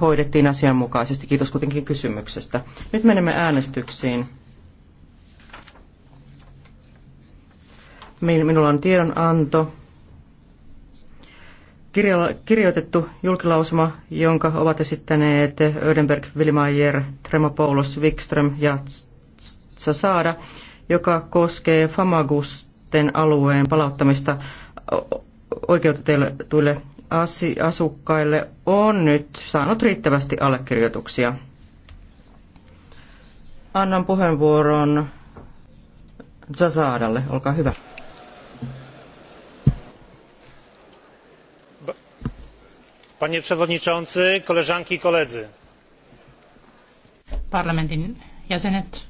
hoidettiin asianmukaisesti. Kiitos kuitenkin kysymyksestä. Nyt menemme äänestyksiin. Minulla on tiedonanto, Kirjo, kirjoitettu julkilausuma, jonka ovat esittäneet Ödenberg, Vilmayer, Tremopoulos, Wikström ja Sasaada, joka koskee Famagusten alueen palauttamista oikeutetuille asukkaille on nyt saanut riittävästi allekirjoituksia. Annan puheenvuoron Zazadalle, Olkaa hyvä. Panie przewodniczący, koleżanki i koledzy. Parlamentin jäsenet.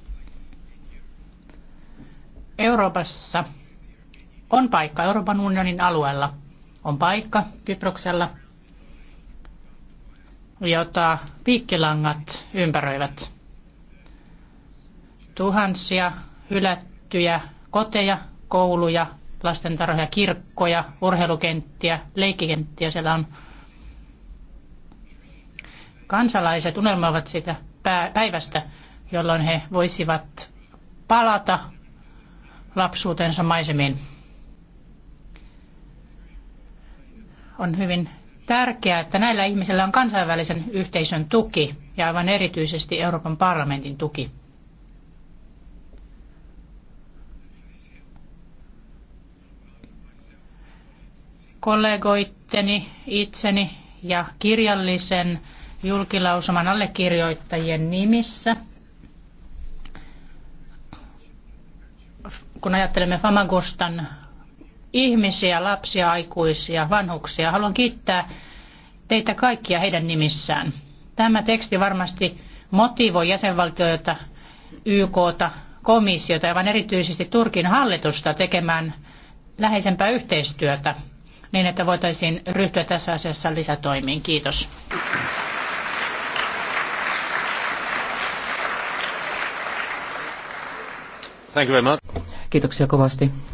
Euroopassa on paikka Euroopan unionin alueella – on paikka Kyproksella, jota piikkilangat ympäröivät. Tuhansia hylättyjä koteja, kouluja, lastentarhoja, kirkkoja, urheilukenttiä, leikkikenttiä siellä on. Kansalaiset unelmoivat sitä päivästä, jolloin he voisivat palata lapsuutensa maisemiin. on hyvin tärkeää, että näillä ihmisillä on kansainvälisen yhteisön tuki ja aivan erityisesti Euroopan parlamentin tuki. Kollegoitteni, itseni ja kirjallisen julkilausuman allekirjoittajien nimissä – kun ajattelemme Famagustan ihmisiä, lapsia, aikuisia, vanhuksia. Haluan kiittää teitä kaikkia heidän nimissään. Tämä teksti varmasti motivoi jäsenvaltioita, YKta, komissiota ja erityisesti Turkin hallitusta tekemään läheisempää yhteistyötä niin, että voitaisiin ryhtyä tässä asiassa lisätoimiin. Kiitos. Thank you very much. Kiitoksia kovasti.